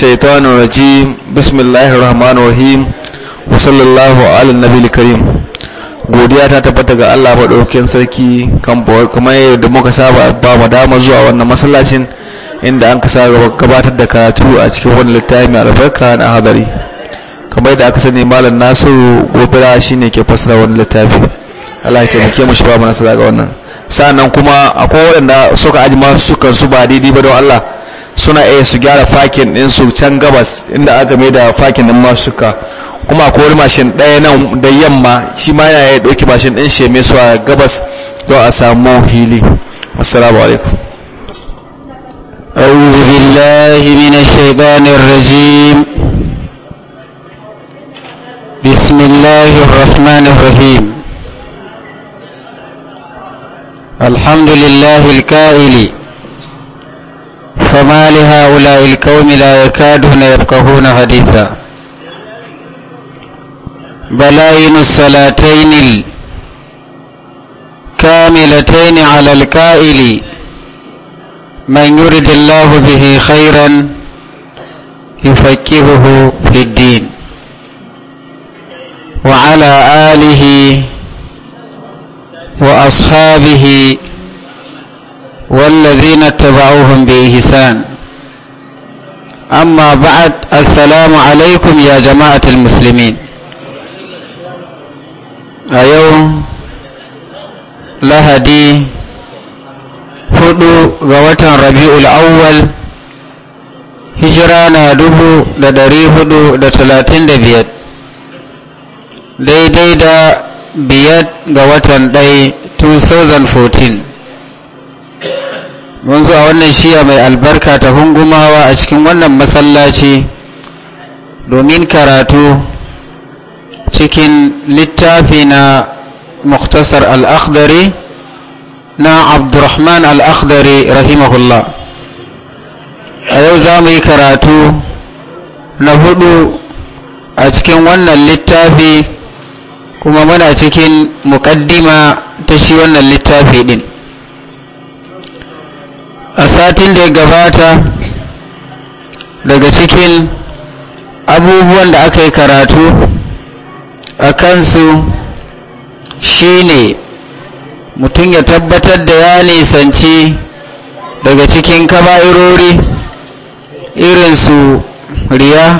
الشيطان الرجيم بسم الله الرحمن الرحيم وصلى الله على النبي الكريم godiya ta tabbata ga Allah maɗaukakin sarki kan kamar yadda muka saba ba mu dama zuwa wannan masallacin inda an kasa gabatar da karatu a cikin wani littafi mai albarka na hadari kamar da aka sani malam nasiru gobira shine ke fasara wani littafi Allah ya taimake mu shi ba mu nasara ga wannan sa'annan kuma akwai waɗanda suka ajima kan su ba daidai ba don Allah suna iya su gyara fakin din su can gabas inda aka mai da fakin din suka kuma kori mashin ɗaya nan da yamma shi ma yana ya ɗauki mashin din shi mai a gabas don a samu hili assalamu alaikum أعوذ بالله من الشيطان الرجيم بسم الله الرحمن الرحيم الحمد لله الكائل فما لهؤلاء القوم لا يكادون يفقهون حديثا بلاين الصلاتين الكاملتين على الكائل من يرد الله به خيرا يفكهه في الدين وعلى آله وأصحابه والذين hisan. amma أما بعد alaikum ya يا جماعة a yau lahadi hudu ga watan rabi'ul awwal hijira na dubu da dari hudu da talatin da biyar daidai da biyar ga watan ɗai 2014 mun zuwa wannan shiya mai albarka ta hungumawa a cikin wannan masallaci domin karatu cikin littafi na muktasar al'akhdari na abdurrahman al'akhdari rahimahullah a yau za mu yi karatu na hudu a cikin wannan littafi kuma muna cikin muƙaddima ta shi wannan littafi din a satin da ya gabata daga cikin abubuwan da aka yi karatu a kansu shine mutum ya tabbatar da ya nisanci daga cikin kaba'irori irinsu riya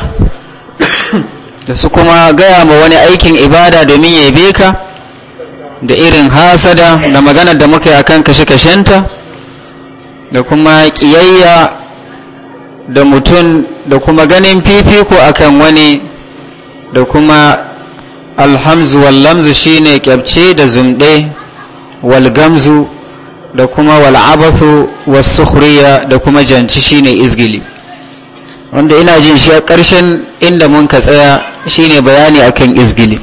da su kuma gaya ma wani aikin ibada domin yabe ka da irin hasada da maganar da muka yi kan kashe-kashenta da kuma kiyayya da mutum da kuma ganin fifiko akan wani da kuma alhamzu wallamzu shine kyabce da zumde walgamzu da kuma wal'abathu wasukhriya da kuma janci shine izgili wanda ina jin shi a ƙarshen inda mun ka tsaya shine bayani akan izgili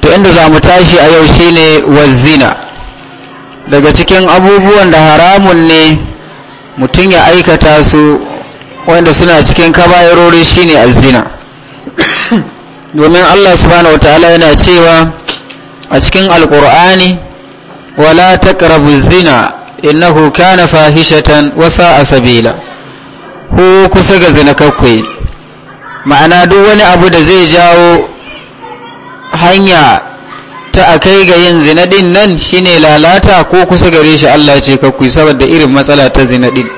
to inda za mu tashi a yau shine zina. daga cikin abubuwan da haramun ne mutum ya aikata su wanda suna cikin kabayarori shine azzina domin Allah subhanahu wataala yana cewa a cikin alkur'ani wala taqrabu zina innahu kana fahishatan wa sa'a sabila ko kusa ga zina kakwai ma'ana duk wani abu da zai jawo hanya ta a kai ga yin zina din nan shine lalata ko kusa gare shi Allah ce ka saboda irin matsala ta zina din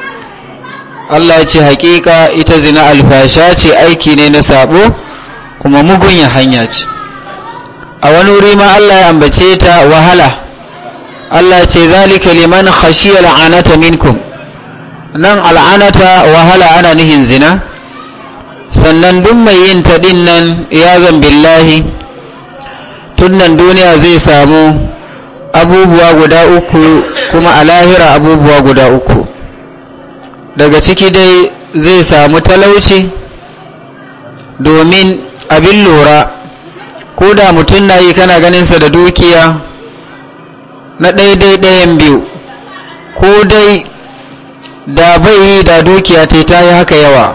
Allah ce haƙiƙa ita zina alfasha ce aiki ne na sabo kuma mugunya hanya ce a wani wuri ma Allah ya ambace ta wahala Allah ce zalika liman khashiya al'anata minkum nan al'anata wahala ana nihin zina sannan duk mai yin ta din nan ya zan billahi tun nan duniya zai samu abubuwa guda uku kuma a lahira abubuwa guda uku daga ciki dai zai samu talauci domin abin lura ko da mutum na yi kana ganinsa da dukiya na ɗaiɗai ɗayan biyu ko dai da bai yi da dukiya ta yi haka yawa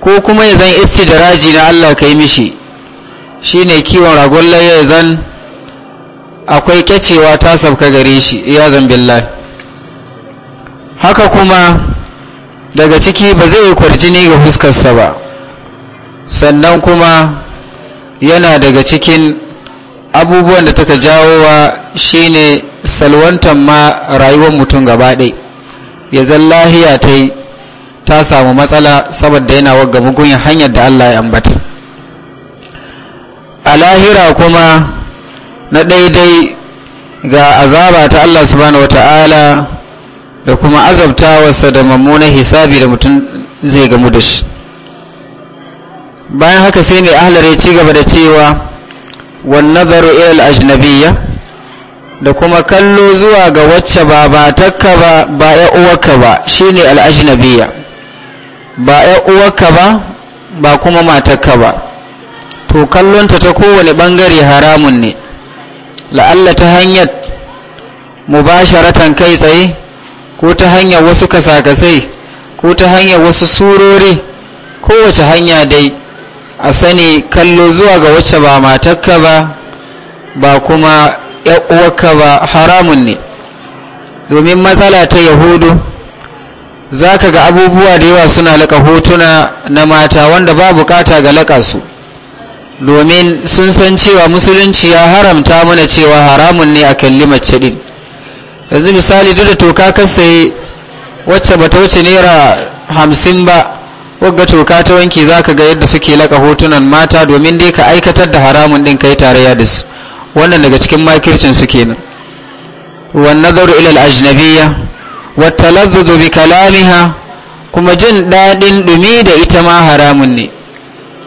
ko kuma ya zan raji na Allah ka yi mishi shine kiwon ragon laye zan akwai kyacewa ta sabka gare shi iyazan billah haka kuma daga ciki ba zai kwarjini ga fuskarsa ba sannan kuma yana daga cikin abubuwan da taka jawowa shine salwantar ma rayuwar mutum gabaɗe ya zan lahiya ta yi ta samu matsala saboda yana wagga mugun hanyar da allah ya ambata a lahira kuma na daidai ga azaba ta Allah subhanahu wata'ala da kuma azabtawarsa da mummunan hisabi da mutum zai gamu da shi bayan haka sai ne ahlar ya ci gaba da cewa wan nazaru ilal ajnabiyya da kuma kallo zuwa ga wacce ba ba takka ba ba ya uwarka ba shine al ajnabiyya ba ya uwarka ba ba kuma matakka ba to kallonta ta kowane ɓangare haramun ne la'alla ta hanyar mubasharatan kai tsaye ko ta hanyar wasu kasakasai ko ta hanyar wasu surori kowace hanya dai a sani kallo zuwa ga wacce ba matakka ba ba kuma uwarka ba haramun ne domin matsala ta yahudu za ka ga abubuwa da yawa suna laƙa hotuna na mata wanda ba bukata ga laƙa su domin sun san cewa musulunci ya haramta mana cewa haramun ne a kalli mace din yanzu misali duk da toka ka saye wacce ta wuce naira hamsin ba wagga toka ta wanki za ka ga yadda suke laka hotunan mata domin dai ka aikatar da haramun din kai tarayya da su wannan daga cikin makircin su kenan wan nazaru ilal ajnabiyya wa talazzuz bi kalamiha kuma jin dadin dumi da ita ma haramun ne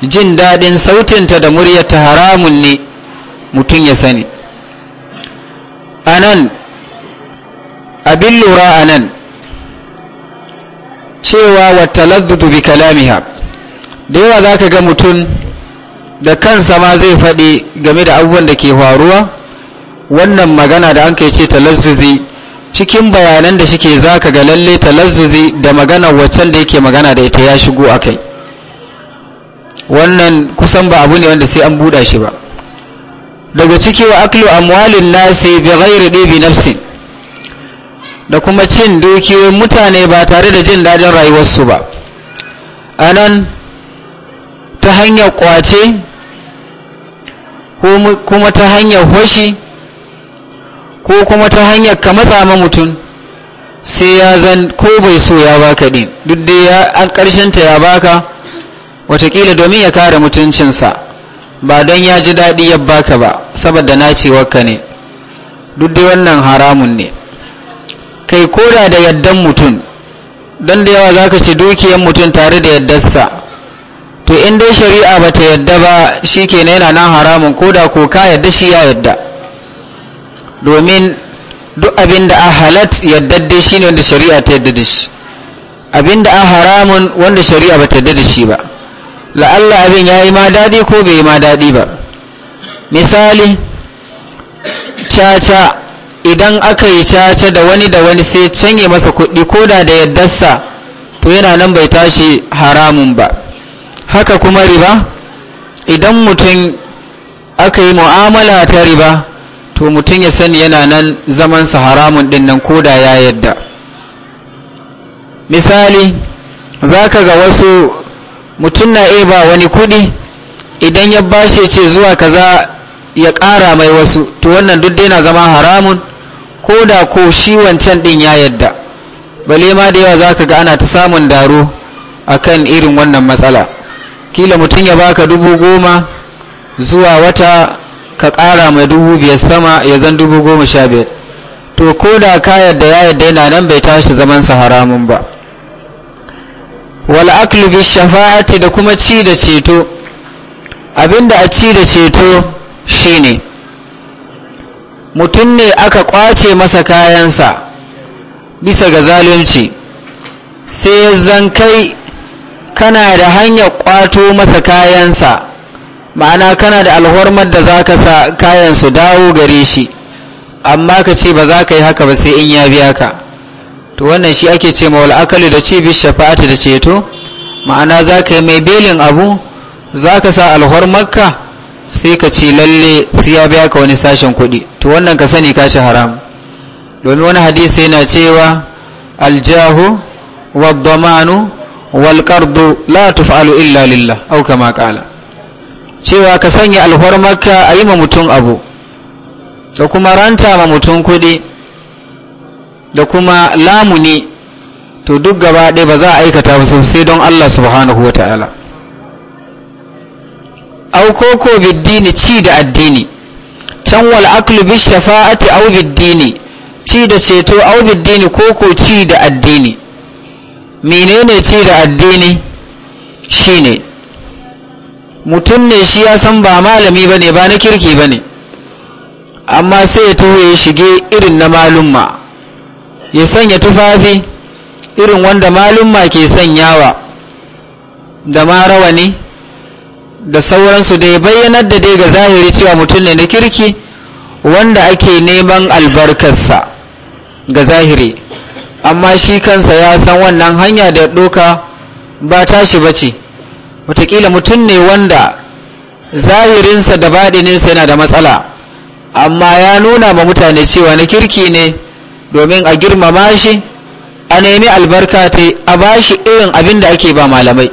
jin daɗin sautinta da muryarta haramun ne mutum ya sani a nan abin lura a nan cewa wata laddudu bi kalamiha da yawa za ka ga mutum da kansa ma zai faɗi game da abubuwan da ke faruwa wannan magana da an kai ce talazzuzi cikin bayanan da shi ke za ka ga lalle talazzuzi da magana waccan da yake magana da ita ya shigo a kai wannan kusan ba abu ne wanda sai an buɗa shi ba daga ciki wa aklu amwalin nasi bi ghairi dibi nafsi da kuma cin dukiyoyin mutane ba tare da jin rayuwar rayuwarsu ba anan ta hanyar kwace kuma ta hanyar hoshi ko kuma ta hanyar ka matsa ma mutum sai ya zan ko bai so ya baka din. duk dai an ta ya baka watakila domin ya kare mutuncinsa ba don ya ji daɗi ya baka ba saboda na ce waka ne duk da wannan haramun ne kai koda da yaddan mutum don da yawa za ka ci dukiyan mutum tare da yaddarsa to in dai shari'a ba ta yadda ba shi kenan yana nan haramun koda ko ka yadda shi ya yadda domin duk abin da a halat dai shi ne wanda shari'a ta yadda da shi abin da a haramun wanda shari'a ba ta yadda da shi ba Allah abin ya yi ma daɗi ko bai yi ma daɗi ba misali caca idan aka yi caca da wani da wani sai canye masa kuɗi ko da da yaddarsa to yana nan bai tashi haramun ba haka kuma riba idan mutum aka yi mu'amala ta riba to mutum ya sani yana nan zamansa haramun ɗin nan ko da ya yadda misali za ka ga wasu mutum na iya ba wani kuɗi idan ya bashi ce zuwa kaza ya ƙara mai wasu to wannan duk dai na zama haramun ko da ko shi wancan ɗin ya yadda bale ma da yawa za ka ga ana ta samun daro akan irin wannan matsala kila mutum ya baka dubu goma zuwa wata ka ƙara mai dubu biyar sama ya zan dubu goma sha biyar to ko da ka yadda ya yadda yana nan bai tashi zamansa haramun ba wal aklu bi shafa'ati da kuma ci da ceto abinda a ci da ceto shine mutum ne aka kwace masa kayansa bisa ga zalunci sai zankai kana da hanyar kwato masa kayansa ma'ana kana da alhormar da zaka sa kayan su dawo gare shi amma ka ce ba za ka yi haka ba sai in ya biya ka to wannan shi ake ce ma wal'akali da ci shafa'ati da ceto ma'ana za ka yi mai belin abu za ka sa alhwar makka sai ka ci lalle sai ya biya ka wani sashen kuɗi to wannan ka sani ka ci haram domin wani hadisi yana cewa aljahu waddamanu walƙardu la tuf'alu illa lillah au kama ƙala cewa ka sanya alhwar makka a yi ma mutum abu da kuma ranta ma mutum kuɗi da kuma lamu ne to duk gaba ɗaya ba za a aikata ba sai don Allah subhanahu wa ta'ala aukoko biddini ci da addini can wal aklu bi shafa'ati au biddini ci da ceto au biddini koko ci da addini menene ci da addini shine mutum ne shi ya san ba malami bane ba na kirki bane amma sai ya taho ya shige irin na malumma ya sanya tufafi irin wanda malumma ke sanyawa da ma ne da sauransu da ya bayyanar da dai ga zahiri cewa mutum ne na kirki wanda ake neman albarkarsa ga zahiri amma shi kansa ya san wannan hanya da ya ɗoka ba tashi ba ce watakila mutum ne wanda zahirinsa da baɗininsa yana da matsala amma ya nuna ma mutane cewa na kirki ne domin a girmama shi a nemi albarka ta a ba shi irin abin da ake ba malamai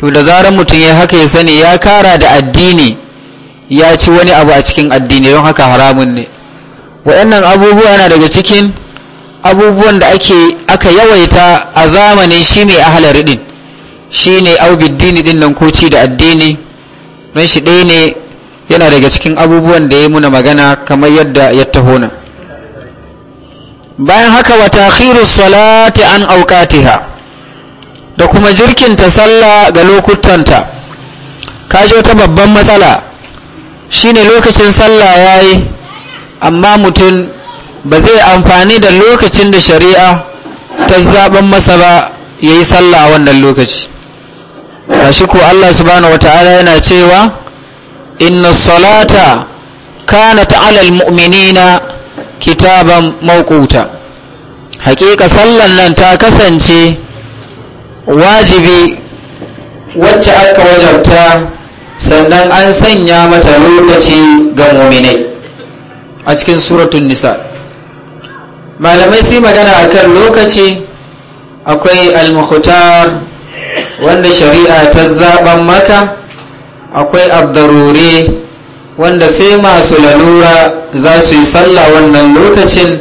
to da zarar mutum ya haka ya sani ya kara da addini ya ci wani abu a cikin addini don haka haramun ne waɗannan abubuwa na daga cikin abubuwan da ake aka yawaita a zamanin shi mai ahalar din shi ne aubiddini din nan ci da addini don shi ɗaya ne yana daga cikin abubuwan da ya yi muna magana kamar yadda ya tahona. bayan haka wa takhiru salati an awqatiha da kuma jirkin ta sallah ga lokutanta kajo ta babban matsala shine lokacin sallah yayi amma mutum ba zai amfani da lokacin da shari'a ta zaben masa ba yayi sallah a wannan lokaci gashi ko Allah subhanahu wataala yana cewa inna salata kanat alal mu'minina kitaban mawquta haƙiƙa sallan nan ta kasance wajibi wacce aka wajabta sannan an sanya mata lokaci ga muminai a cikin suratun nisa malamai su magana akan lokaci akwai al wanda shari'a ta zaben maka akwai abdarure wanda sai masu lalura za su yi sallah wannan lokacin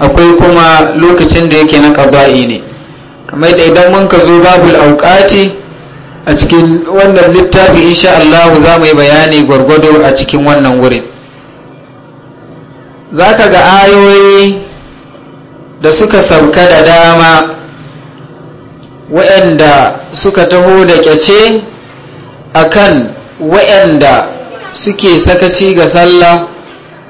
akwai kuma lokacin da yake na ƙaba'i ne kamar da idan mun ka zo babul auƙati a cikin wannan littafi insha Allah za mu yi bayani gwargwado a cikin wannan wurin za ka ga ayoyi da suka sauka da dama waɗanda suka taho da kyace kan waɗanda suke sakaci ga sallah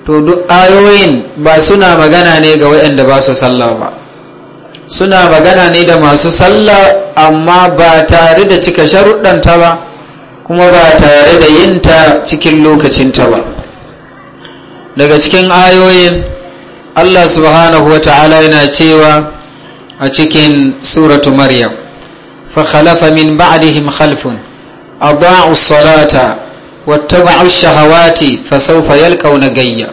to duk ayoyin ba suna magana ne ga waɗanda ba su sallah ba suna magana ne da masu sallah amma ba tare da cika sharuɗanta ba kuma ba tare da yin yinta cikin lokacinta ba daga cikin ayoyin allah subhanahu wa yana cewa a cikin suratu maryam fa khalafa min ba'dihim khalfun أضاعوا wattaba'u shahawati fa sawfa yalqawna gayya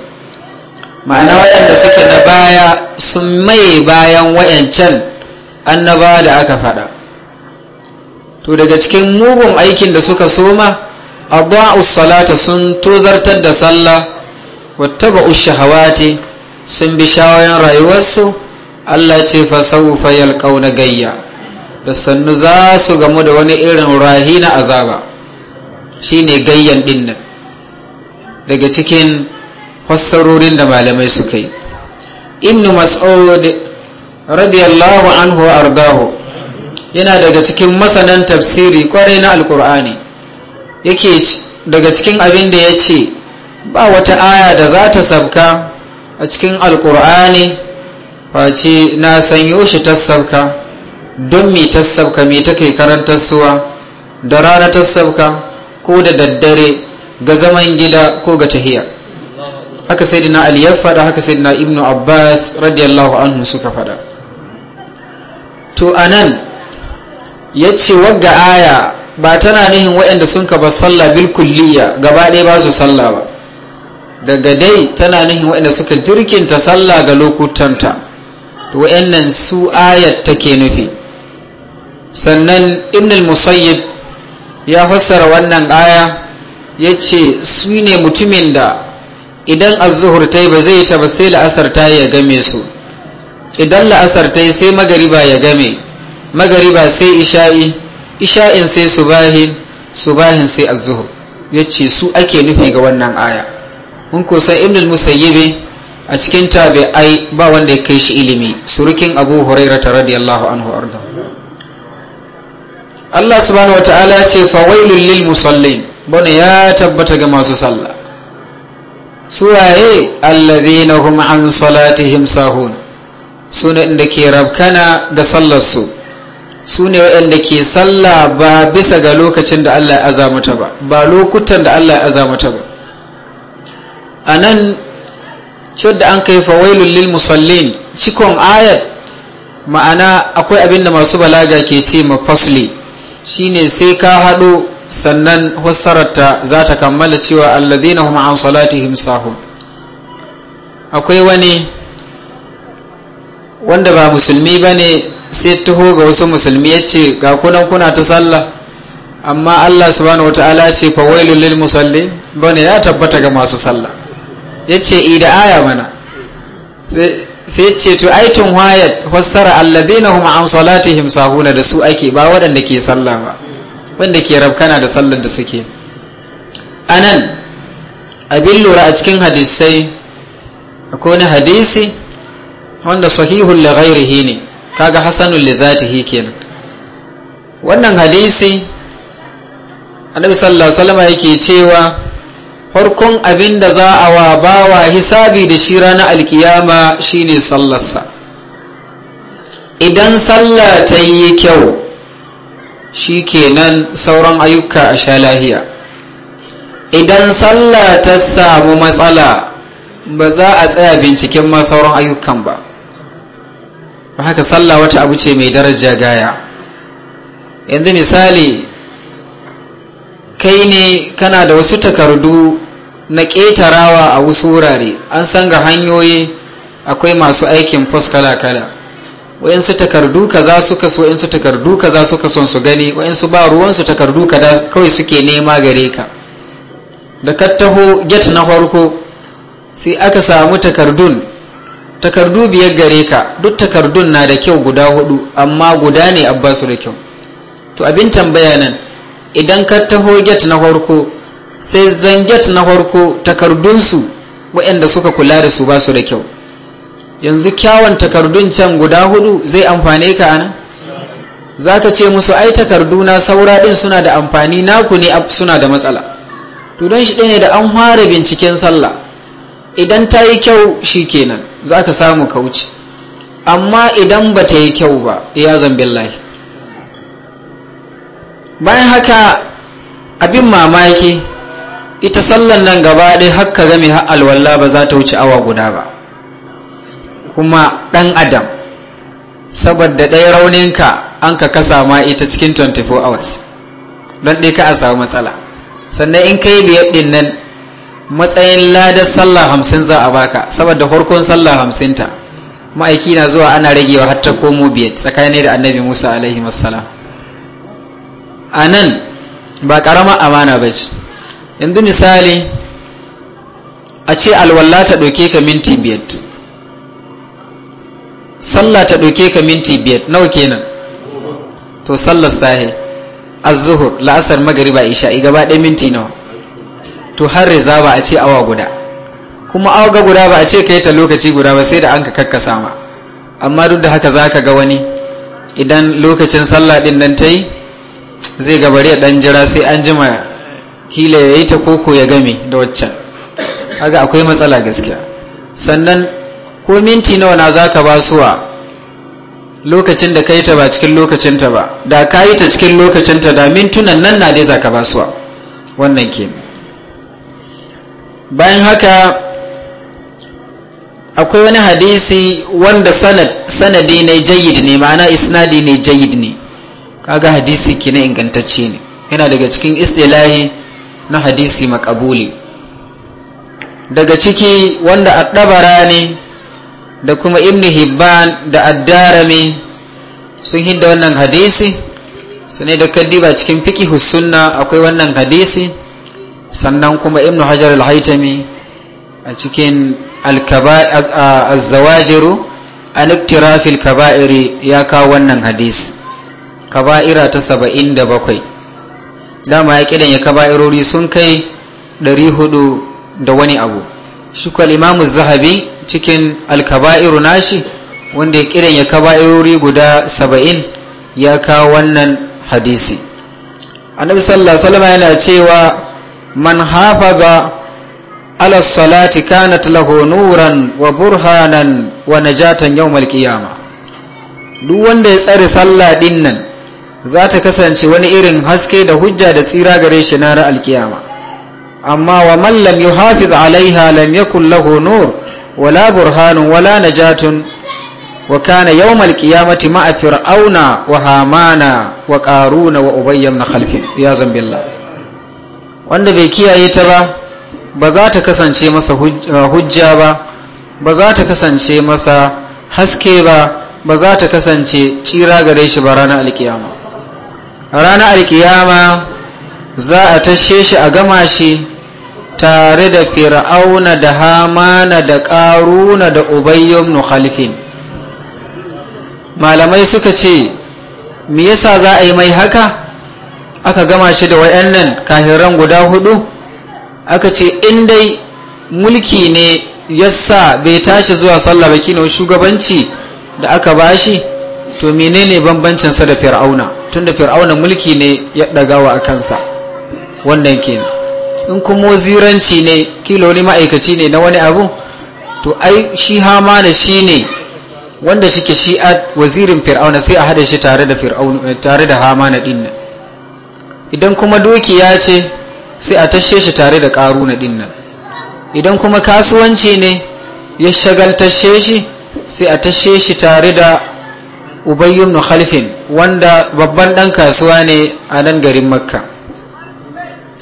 ma'ana waɗanda suke na baya sun maye bayan wayancan annaba da aka faɗa to daga cikin mugun aikin da suka soma adwa'u salata sun tozartar da sallah wattaba'u shahawati sun bi shawayan rayuwarsu Allah ce fa sawfa yalqauna gayya da sannu za su gamu da wani irin rahina azaba shine gayyan din dinnan. daga cikin fassarorin da malamai suka yi ibnu mas'ud radiyallahu anhu ardahu yana daga cikin masanan tafsiri kwarai na alkur'ani yake daga cikin abin da ya ce ba wata aya da za ta sabka a cikin alkur'ani face na sanyo shi ta sabka don mai ta sabka mai ta kai karantar suwa da rana ta sabka ko da daddare ga zaman gida ko ga tahiya haka sayyidina ali ya faɗa haka sayyidina ibnu abbas radiyallahu anhu suka faɗa to anan ya ce wagga aya ba tana nihin waɗanda sun ka ba sallah bil kulliya gaba ɗaya ba su sallah ba daga dai tana nihin waɗanda suka jirkinta sallah ga lokutanta waɗannan su ayat take nufi sannan ibn al-musayyib ya fassara wannan aya ya ce su ne mutumin da idan azuhur ta yi ba zai ta ba sai la'asar ta ya game su idan la'asar ta yi sai magariba ya game magariba sai isha'i isha'in sai subahin subahin sai azuhur ya ce su ake nufi ga wannan aya mun kusan ibnul musayyibi a cikin tabi'ai ba wanda ya kai shi ilimi surukin abu hurairata radiyallahu anhu arda Allah subhanahu ta'ala ya ce fawailul lil musallin bane ya tabbata ga masu sallah suwaye alladhina hum an salatihim sahun sune inda ke rabkana ga sallarsu su ne waɗanda ke sallah ba bisa ga lokacin da Allah ya azamata ba ba lokutan da Allah ya azamata ba a nan da an kai fawailul lil musallin cikon ayat ma'ana akwai abin da masu balaga ke ce ma fasli shine sai ka haɗo sannan hussararta za ta kammala cewa alladhina hum an salatihim sahun akwai wani wanda ba musulmi ba ne sai taho ga wasu musulmi ya ce ga kunan kuna ta sallah amma Allah subhanahu wata ya ce lullin lil ba bane ya tabbata ga masu sallah ya ce ida mana sai ce to tun wayat fassara alladhina hum an salatihim sahuna da su ake ba waɗanda ke sallah ba wanda ke rabkana da sallar da suke anan abin lura a cikin hadisai akwai wani hadisi wanda sahihun li ghairihi ne kaga hasanul li zatihi kenan wannan hadisi annabi sallallahu alaihi wasallam yake cewa farkon abin da za a wa bawa hisabi da shi ranar alkiyama shine sallarsa idan sallah ta yi kyau shi kenan sauran ayyuka a sha lahiya idan sallah ta samu matsala ba za a tsaya binciken ma sauran ayyukan ba haka sallah wata abu ce mai daraja gaya yanzu misali kai ne kana da wasu takardu na ƙetarawa a wasu wurare an san ga hanyoyi akwai masu aikin post kala-kala Waɗansu takardu kaza suka so waɗansu takardu za su kaso su gani waɗansu ba ruwansu takardu da kawai suke nema gare ka da ka taho get na farko sai aka samu takardun takardu biyar gare ka duk takardun na da kyau guda hudu amma guda ne abbasu da kyau to abin tambaya nan idan ka taho get na farko sai zanget na farko takardunsu waɗanda suka kula da su ba su da kyau yanzu kyawun takardun can guda hudu zai amfane ka anan za ka ce musu ai takardu na saura ɗin suna da amfani naku ne suna da matsala to don shi ne da an fara binciken sallah idan ta yi kyau shi kenan za ka samu kauci amma idan ba ta yi kyau ba ya zambin lahi bayan haka abin mamaki ita sallan nan gaba ɗaya hakka game har alwala ba za ta wuce awa guda ba kuma ɗan adam saboda ɗaya rauninka an ka kasa ma ita cikin 24 hours don ɗaya ka a samu matsala sannan in ka yi biyar ɗin nan matsayin lada sallah hamsin za a baka saboda farkon sallah hamsin ta ma'aiki na zuwa ana ragewa har ta komo biyar tsakani da annabi musa alaihi wassalam a nan ba ƙarama amana ba ce yanzu misali a ce alwallah ta ɗauke ka minti biyar sallah ta ɗauke ka minti biyar nawa kenan to sallar sahi az la'asar magariba i gaba ɗaya minti nawa to har riza ba a ce awa guda kuma awa guda ba a ce ka yi ta lokaci guda ba sai da an ka kakkasa ma amma duk da haka za ka ga wani idan lokacin sallah ɗin nan ta yi zai gabari a ɗan jira sai an jima kila ya yi ta koko ya game da waccan haka akwai matsala gaskiya sannan ko minti nawa na za ka basuwa lokacin da ka yi ta ba cikin lokacinta ba da ka yi ta cikin lokacinta da mintunan nan na dai za ka basuwa wannan ke bayan haka akwai wani hadisi wanda sanadi ne jayid ne ma'ana isnadi ne jayid ne kaga hadisi na ingantacce ne yana daga cikin istilahi na hadisi makabuli daga ciki wanda addabara ne da kuma ibn hibban da addarami sun hidda wannan hadisi su ne da kaddiba cikin fikihus sunna akwai wannan hadisi sannan kuma Ibnu hajar al-haitami a cikin al-zawajiru an iktirafil kaba'iri ya kawo wannan hadisi kaba'ira ta saba'in da bakwai dama ya kidan ya kaba'irori sun kai 400 da wani abu shi kwal imamu zahabi cikin alkaba'iru nashi wanda ya kidan ya kaba'irori guda 70 ya kawo wannan hadisi annabi sallallahu alaihi yana cewa man hafaza ala salati kanat lahu nuran wa burhanan wa najatan yawmal qiyamah duk wanda ya tsare sallah din nan za ta kasance wani irin haske da hujja da tsira gare shi na alkiyama amma wa mallam lam yuhafiz alaiha lam yakun lahu nur wala burhanun wala najatun wa kana yawm alqiyamati ma fir'auna wa hamana wa qaruna wa ubayy na khalfin ya zambilla wanda bai kiyaye ta ba ba za ta kasance masa uh, hujja ba ba za ta kasance masa haske ba ba za ta kasance tsira gare shi ba ranar alkiyama Rana alkiyama za a tashe shi a gama shi tare da fir'auna da hamana da ƙaruna da ubayyum khalifin malamai suka ce me yasa za a yi mai haka aka gama shi da wayannan kahiran guda hudu aka ce in dai mulki ne yasa bai tashi zuwa sallah ba kino shugabanci da aka bashi to menene bambancinsa da fir'auna tunda fir'auna mulki ne ya ɗagawa a kansa wannan ke in kuma waziranci ne kilo wani ma'aikaci ne na wani abu to ai shi hamana shi ne wanda ke shi a wazirin fir'auna sai a hada shi tare da Fir'auna tare da Hama hamana dinnan idan kuma dukiya ce sai a tashe shi tare da ƙaruna na nan idan kuma kasuwanci ne ya shagaltashe shi sai a tashe shi tare da ubayy ibn wanda babban dan kasuwa ne a nan garin makka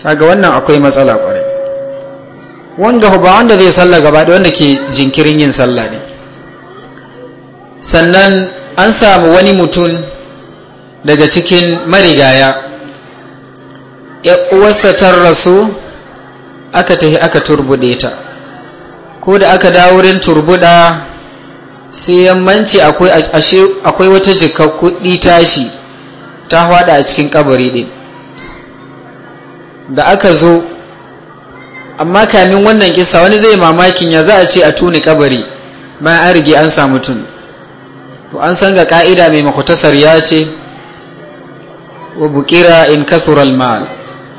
kaga wannan akwai matsala kwarai wanda ba wanda zai sallah gaba da wanda ke jinkirin yin sallah ne sannan an samu wani mutum daga cikin marigaya ya uwarsa ta su aka tafi aka turbude ta ko da aka dawo wurin turbuda sai yammanci akwai wata jikar kuɗi tashi ta hada a cikin kabari ɗin da aka zo amma kamin wannan kisa wani zai mamakin ya za a ce a tuni kabari bayan an rige an samu tun to an san ga ka'ida mai makutasar ya ce wa bukira in kathural mal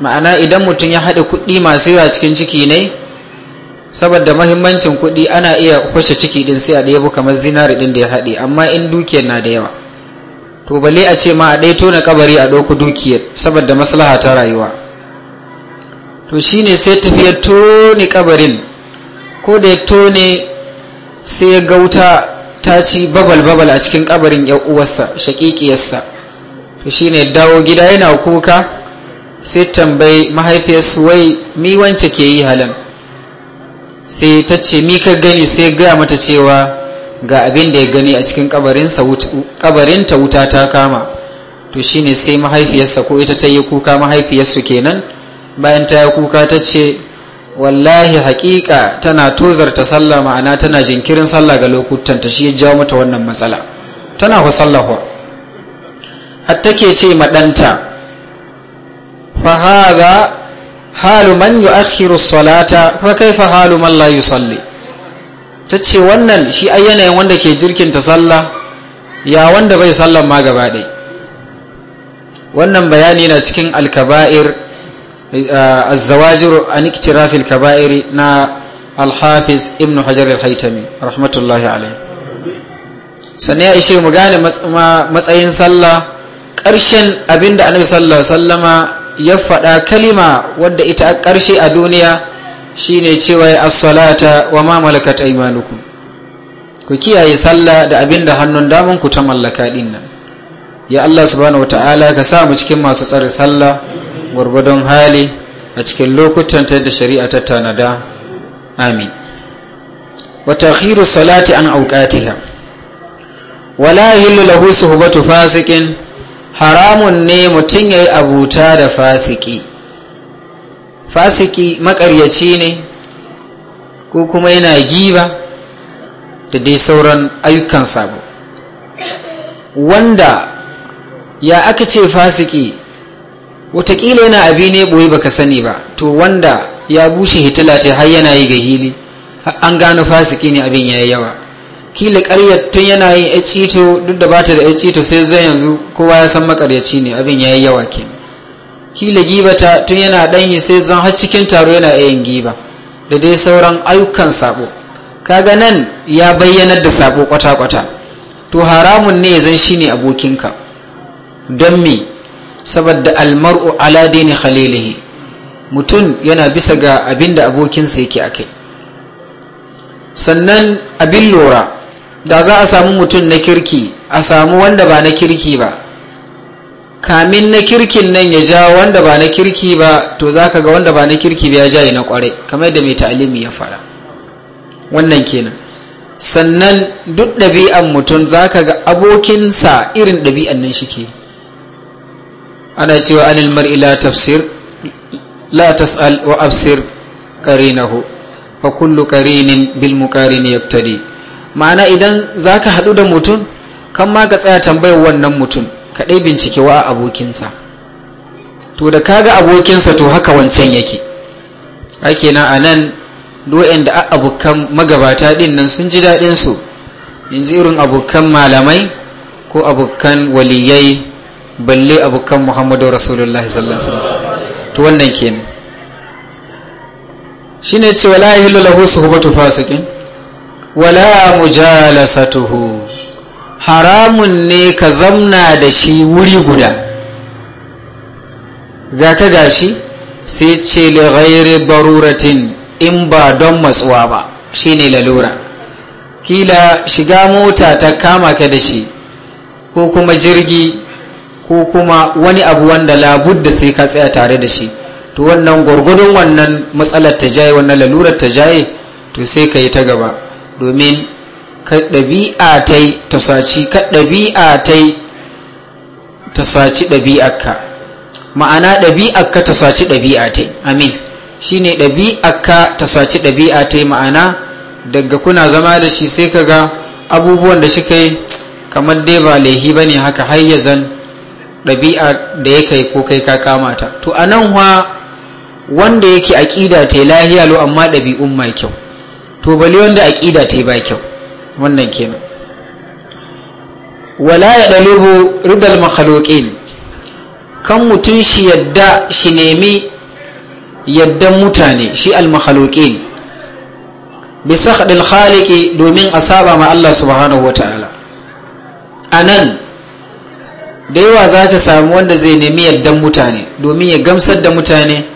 ma'ana idan mutum ya haɗa kuɗi masu yawa cikin ciki ne saboda mahimmancin kuɗi ana iya kwashe ciki din sai a ɗebo kamar zinari din da ya haɗe amma in dukiyar na da yawa to bale a ce ma a ɗaya tona kabari a ɗauko dukiyar saboda maslaha ta rayuwa to shine sai tafiya tone kabarin ko da ya tone sai ya gauta ta ci babal babal a cikin kabarin ya uwarsa shaƙiƙiyarsa to shine ya dawo gida yana kuka sai tambayi mahaifiyarsu wai mi wance ke yi halin. sai ta ce mi ka gani sai gaya mata cewa ga abin da ya gani a cikin kabarinta wuta ta kama to shine sai mahaifiyarsa ko ita ta yi kuka mahaifiyarsu kenan bayan ta yi kuka ta ce wallahi hakika tana tozarta sallah ma'ana tana jinkirin sallah ga lokutanta shi ya jawo mata wannan matsala tana ku sallahwa hatta ke ce maɗanta fahaza halu man yu'akhiru salata fa kaifa halu man la yusalli tace wannan shi ai yanayin wanda ke jirkinta sallah ya wanda bai sallar ma gaba dai wannan bayani na cikin alkaba'ir الزواجر عن اكتراف الكبائر نا الحافظ ابن حجر الهيتمي رحمة الله عليه sannan ya ishe mu gane matsayin sallah karshen abinda annabi sallallahu alaihi wasallama ya faɗa kalima wadda ita a ƙarshe a duniya shine cewa ya asalata, wa mamalaka ta imanuku ku kiyaye sallah da abin da hannun daman ku ta mallaka ɗin nan ya Allah subhanahu Ta'ala ka sa mu cikin masu tsare sallah gwargwadon hali a cikin lokutan ta yadda shari'a ta tanada amin wa takhiru salati an awqatiha wala yahillu lahu suhbatu fasiqin haramun ne mutum ya yi abuta da fasiki fasiki makaryaci ne ko kuma yana giba da dai sauran ayyukan sabo wanda ya aka ce fasiki watakila yana abi ne boye baka sani ba to wanda ya bushe hitila ta har yana yi ga hili an gano fasiki ne abin ya yawa kila ƙaryar tun yana yin ya duk da bata da ya sai zai yanzu kowa ya san makaryaci ne abin ya yi yawa ke kila gibata tun yana ɗanyi sai zan har cikin taro yana yin giba da dai sauran ayyukan sabo kaga nan ya bayyanar da sabo kwata-kwata to haramun ne zan shi ne abokinka don me saboda almar'u ala dini khalilihi mutum yana bisa ga abinda da abokinsa yake a kai sannan abin lura da za a samu mutum na kirki a samu wanda ba na kirki ba kamin na kirkin nan ya ja wanda ba na kirki ba to za ka ga wanda ba na kirki ba ya jaye na kwarai kamar da mai ta'alimi ya fara wannan kenan sannan duk ɗabi'an mutum za ka ga abokinsa irin ɗabi'an nan shi ke ana cewa anil mar'i la tafsir la tas'al wa absir qarinahu fa kullu qarinin bil muqarin yaktadi ma'ana idan za ka haɗu da mutum kan ma ka tsaya tambayar wannan mutum ka ɗai bincike wa abokinsa to da kaga abokinsa to haka wancan yake ake na a nan do'in da abokan magabata ɗin nan sun ji daɗin su yanzu irin abokan malamai ko abokan waliyai balle abokan muhammadu rasulullahi sallallahu alaihi wasallam to wannan kenan shine cewa la ilaha illallah suhbatu fasikin wala mujalasatuhu haramun ne ka zamna da shi wuri guda ga ka gashi sai ce ghairi daruratin in ba don matsuwa ba shine lalura kila shiga mota ta kama ka da shi ko kuma jirgi ko kuma wani abu wanda labudda sai ka tsaya tare da shi to wannan gwargwadon wannan matsalar ta jaye wannan lalurar ta jaye to sai ka yi ta gaba domin ka ɗabi'a ta ta saci ɗabi'a ta ta saci ka ma'ana ta saci ɗabi'a ta amin shine ɗabi'arka ta saci ɗabi'a ta ma'ana daga kuna zama da shi sai ka ga abubuwan da shi kai kamar dai ba laihi ba ne haka hayyazan ɗabi'a da ya kai ko kai ka kamata to a nan wa wanda yake aƙida ta lahiya lo amma ɗabi'un mai kyau to bali wanda aqida ta yi ba kyau wannan kenan wala ya dalubu ridal makhluqin kan mutum shi yadda shi nemi yaddan mutane shi al-makhluqin bi al khaliqi domin a ma Allah subhanahu wata'ala anan da yawa zaka samu wanda zai nemi yaddan mutane domin ya gamsar da mutane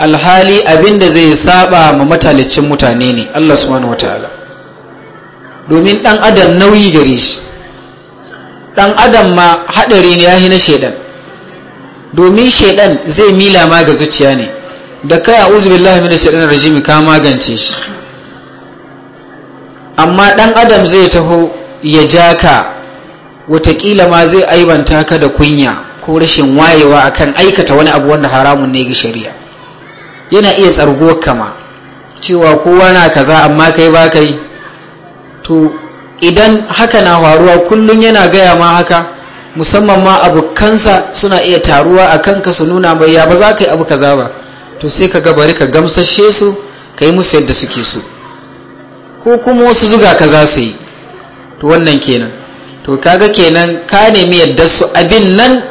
alhali abin da zai saba ma matalicin mutane ne Allah subhanahu wataala domin dan adam nauyi gare shi dan adam ma hadari ne yahi na shedan domin shedan zai mila ma ga zuciya ne da kai a billahi mina shedan rajimi ka magance shi amma dan adam zai taho ya ja ka watakila ma zai aibanta ka da kunya ko rashin wayewa akan aikata wani abu wanda haramun ne ga shari'a yana iya tsargo kama cewa kowa na kaza amma kai ba kai to idan haka na faruwa kullum yana gaya ma haka musamman ma abokansa suna iya taruwa a kanka su nuna mai ya ba za ka yi abu kaza ba to sai ka ga bari ka gamsashe su ka yi musu yadda suke so ko kuma wasu zuga ka za su yi to wannan kenan to kaga kenan ka nemi yadda su abin nan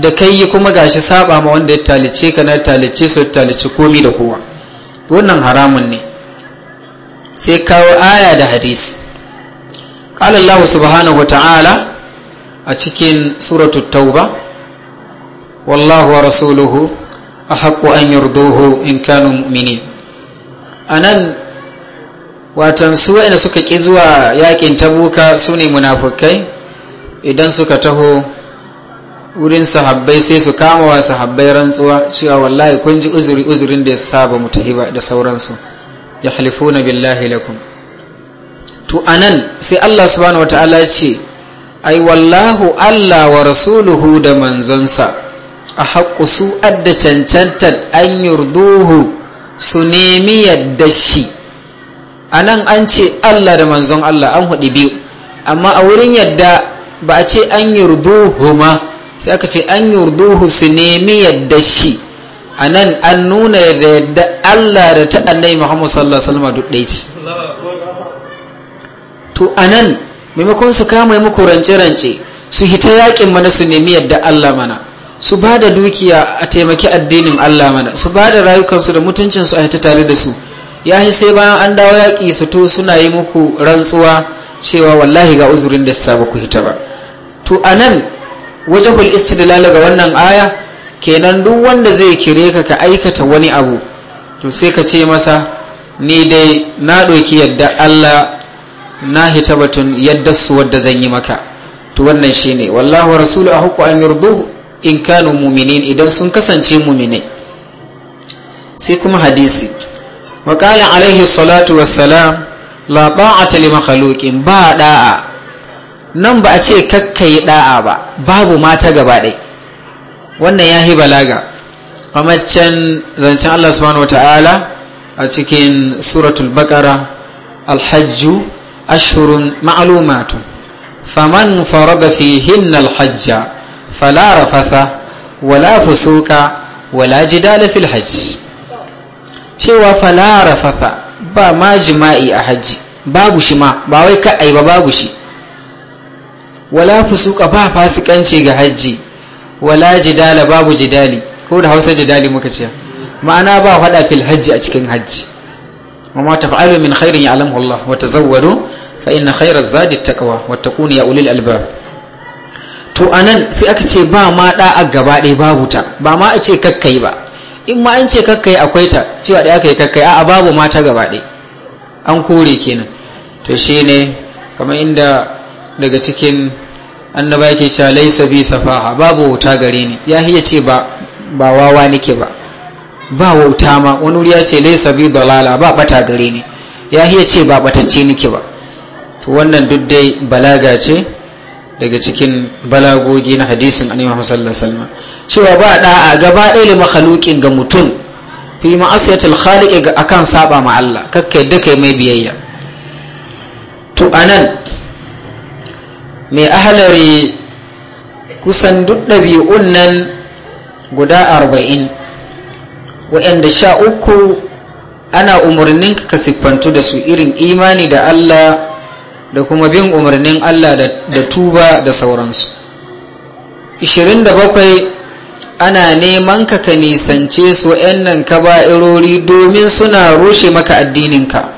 da kai yi kuma gashi saba ma wanda ya talice ka na talice su talice komi da kowa wannan haramun ne sai kawo aya da hadis qala Allah subhanahu wa ta'ala a cikin suratul tauba wallahu wa rasuluhu ahaqqu an yurduhu in kanu a nan watan su wa'anda suka ki zuwa yakin tabuka su ne munafukai idan suka taho wurin sahabbai sai su kama wa sahabbai rantsuwa cewa wallahi kun ji uzuri uzurin da ya saba mutu ba da sauransu ya halifuna billahi lakum to anan sai Allah subhanahu wataala ya ce ai wallahu Allah wa rasuluhu da manzonsa a haƙƙu su adda cancantar an yurduhu su nemi yadda shi a nan an ce Allah da manzon Allah an hudu biyu amma a wurin yadda ba a ce an yurduhu ma sai aka ce an yurduhu su nemi yadda shi a nan an nuna yadda yadda Allah da ta annai Muhammad sallallahu alaihi wasallam duk ɗaya ce to a nan maimakon su kama yi muku rance-rance su hita yaƙin mana su nemi yadda Allah mana su ba da dukiya a taimaki addinin Allah mana su ba da rayukansu da mutuncinsu a hita tare da su ya yi sai bayan an dawo yaƙi su to suna yi muku rantsuwa cewa wallahi ga uzurin da su ku hita ba to a nan wajabul istidlal ga wannan aya kenan duk wanda zai kire ka ka aikata wani abu to sai ka ce masa ni dai na ɗauki yadda Allah na hitabatun batun yadda su wadda zan yi maka to wannan shine wallahu rasulu ahqu an yurduhu in kanu mu'minin idan sun kasance mu'minai sai kuma hadisi wa qala alaihi salatu wassalam la ta'ata li makhluqin ba da'a nan ba a ce yi da'a ba babu mata gaba ɗai wannan ya hi balaga can zancen Allah subhanahu wata'ala a cikin suratul baqara alhajju ashhurun ma'alumatu faman farada fihinna alhajja fala rafatha wala fusuka wala jidala fil hajj cewa fala rafatha ba ma jima'i a hajji babu shi ma ba wai ka ba babu shi wala fusuka ba fasikanci ga hajji wala jidala babu jidali ko da hausa jidali muka ce ma'ana ba faɗa fil hajji a cikin hajji amma ma taf'alu min khairin ya'lamu Allah wa tazawwadu fa inna khayra zadi taqwa wa takunu ya ulil albab to anan sai aka ce ba ma a gaba ɗaya babu ta ba ma a ce kakkai ba in ma an ce kakkai akwai ta cewa da aka yi kakkai a'a babu ta gaba ɗaya an kore kenan to shine kamar inda daga cikin annaba yake cewa laisa bi safaha babu wauta gare ni ya hiya ce ba ba wawa nake ba ba wauta ma wani wuri ya ce laisa bi dalala ba bata gare ni ya hiya ce ba batacce nake ba to wannan duk dai balaga ce daga cikin balagogi na hadisin annabi Muhammad sallallahu alaihi wasallam cewa ba da'a gaba ɗaya makhluqin ga mutum fi ma'asiyatul khaliqi akan saba ma Allah kakkai da kai mai biyayya to anan mai ahalari kusan duk ɗabi'un nan guda arba'in waɗanda sha uku ana umarnin ka siffantu da su irin imani da Allah da kuma bin umarnin Allah da tuba da sauransu 27 ana neman ka ka nisance su ka bairori domin suna rushe maka addininka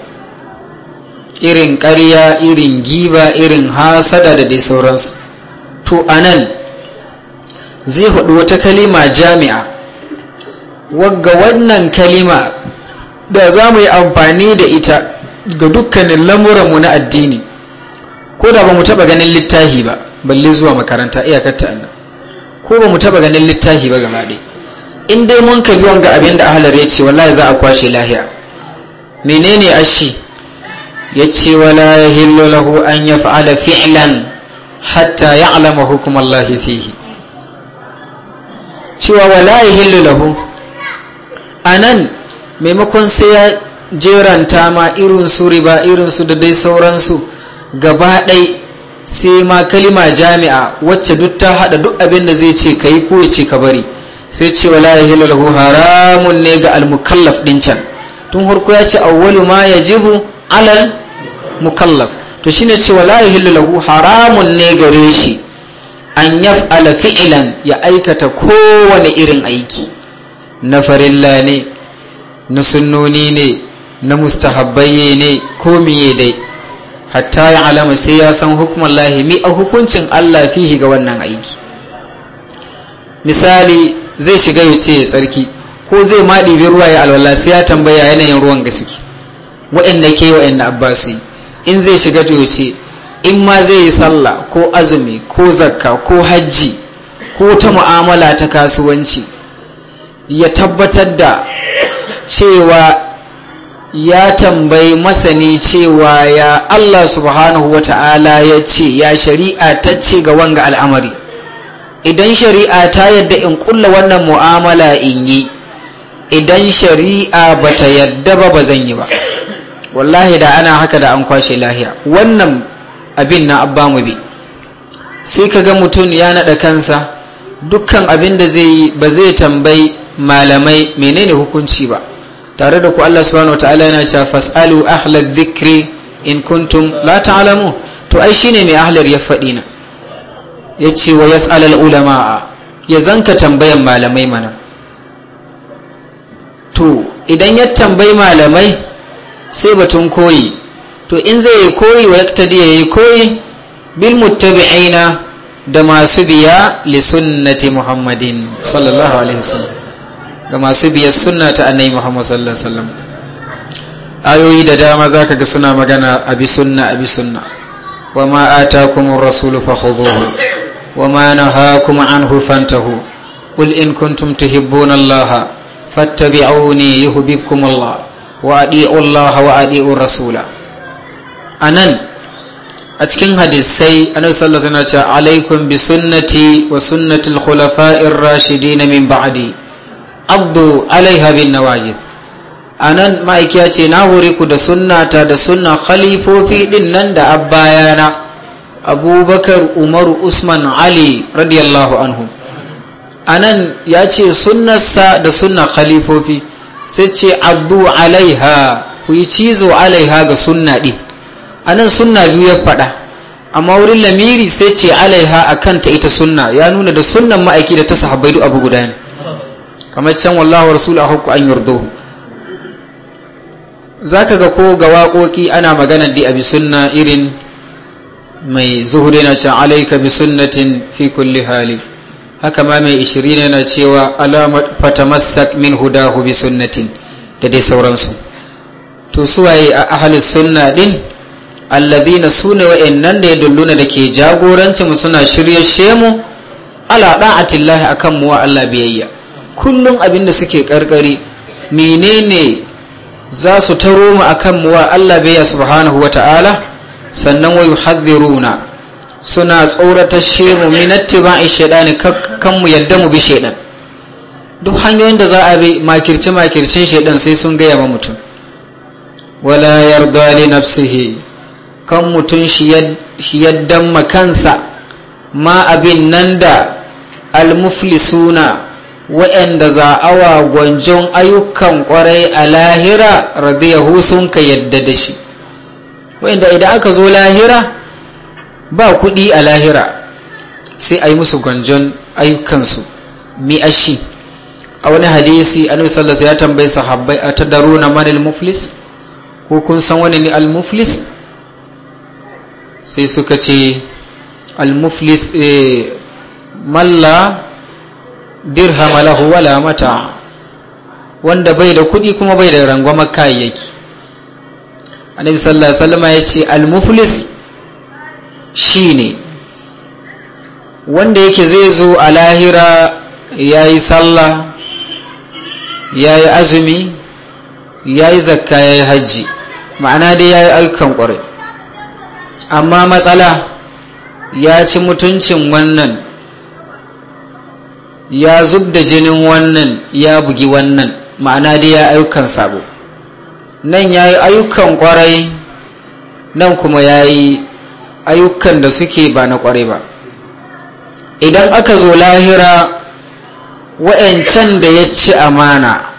irin ƙarya irin giba irin hasada da dai sauransu to anan zai haɗu wata kalima jami'a wagga wannan kalima da za mu yi amfani da ita ga dukkanin lamuranmu na addini ko da ba mu taɓa ganin littahi ba balle zuwa makaranta iyakar ta ta'annan ko ba mu taɓa ganin littahi ba gaba in dai mun kabi wanga abin da ahalar ya ce wallahi za a kwashe lahiya menene ashi yace wala yahillu lahu an ya fa'ala fi'lan hatta alama hukum Allah fihi cewa wala yahillu lahu anan maimakon sai ya jeranta ma irin su riba irin su da dai sauransu gaba ɗai sai ma kalima jami'a wacce duk ta haɗa duk abin da zai ce ka yi ko ya ce ka bari sai ce wala ya hila lahu haramun ne ga almukallaf ɗin can tun harko ya ce awwalu ma ya yajibu alal mukallaf to shine cewa la yahillu lahu haramun ne gare shi an yaf'ala fi'lan ya aikata kowane irin aiki na farilla ne na sunnoni ne na mustahabbaye ne ko miye dai hatta ya alama sai ya san hukumar lahimi a hukuncin Allah fihi ga wannan aiki misali zai shiga ya ce tsarki ko zai maɗi ruwa ya alwala sai ya tambaya yanayin ruwan ga suke ke wa'anda abbasu yi in zai shiga to in ma zai yi sallah ko azumi ko zakka ko hajji ko ta mu'amala ta kasuwanci ya tabbatar da cewa ya tambayi masani cewa ya Allah subhanahu wa ta'ala ya ce ya shari'a ta ce ga wanga al'amari idan shari'a ta yadda in kulla wannan mu'amala in yi idan shari'a bata yadda ba ba zan yi ba wallahi da ana haka da an kwashe lahiya wannan abin na abba mu bi sai ka ga mutum ya naɗa kansa dukkan abin da zai yi ba zai tambayi malamai menene hukunci ba tare da ku Allah subhanahu wataala yana cewa fasalu ahla dhikri in kuntum la ta'lamu to ai shine mai ahlar ya faɗi na yace wa yas'al al ulama ya zanka tambayan malamai mana to idan ya tambayi malamai sai batun koyi to in zai yi koyi wa yaktadi ya yi koyi bil muttabi'ina da masu biya li sunnati muhammadin sallallahu alaihi wasallam Da masu biya sunna ta annabi muhammad sallallahu alaihi wasallam ayoyi da dama zaka ga suna magana abi sunna abi sunna wa ma atakumur rasulu fakhudhuhu wa ma nahakum anhu fantahu qul in kuntum tuhibbuna allaha fattabi'uni yuhibbukum allah wa adi'u Allah wa adi'u rasula anan a cikin hadisai annabi sallallahu alaihi wasallam ya alaikum bi sunnati wa sunnati al-khulafa'ir rashidin min ba'di abdu alaiha bin nawajib anan ma'aikiya ce na hore ku da sunnata da suna khalifofi din nan da abbayana abubakar umaru usman ali radiyallahu anhu anan ya ce sunnarsa da suna khalifofi sai ce addu alaiha ku yi cizo alaiha ga sunna ɗin a sunna biyu ya faɗa amma wurin lamiri sai ce alaiha a kanta ita sunna ya nuna da sunnan ma'aiki da ta sahabbai duk abu guda ne kamar can wallahu rasul a hukku an yurdo za ka ga ko ga waƙoƙi ana magana da abi sunna irin mai zuhure na can alaika bi sunnatin fi kulli hali haka ma mai ishirin yana cewa alama fatamassak min hudahu bi sunnatin da dai sauransu to suwaye a ahalus sunna din alladhina sune nan da ya dulluna da ke jagorancin mu suna shirya shemu ala da'atillahi akan mu wa Allah biyayya kullum abin da suke karkari menene za su taro mu akan mu wa Allah biyayya subhanahu wa ta'ala sannan wa yuhadhiruna suna tsorata shehu minatti ba'in shaidani kan mu yadda mu bi shaidan duk hanyoyin da za a bi makirce makircin shaidan sai sun gaya ma mutum wala yarda li nafsihi kan mutum shi yaddan makansa ma abin nan da almuflisuna wa'anda za awa gwanjon ayyukan kwarai a lahira radiyahu sun ka yadda da shi wa'anda idan aka zo lahira ba kuɗi a lahira sai a yi musu gwanjon ayyukansu mi ashi a wani hadisi annabi sallasa ya tambayi sahabbai a na manil muflis ko kun san wani ne al muflis sai suka ce al muflis e eh, malla dirhama lahu wala mata wanda bai da kuɗi kuma bai da rangwamar kayayyaki annabi sallallahu alaihi wasallam ya ce al muflis Shi ne wanda yake zai zo a lahira ya yi sallah ya yi azumi ya yi zakka ya yi hajji ma'ana dai ya yi ayyukan ƙwarai amma matsala ya ci mutuncin wannan ya zub da jinin wannan ya bugi wannan ma'ana dai ya ayyukan sabo nan ya yi ayyukan ƙwarai nan kuma ya yi ayyukan da suke ba na kware ba idan aka zo lahira wa'yancan da ya ci amana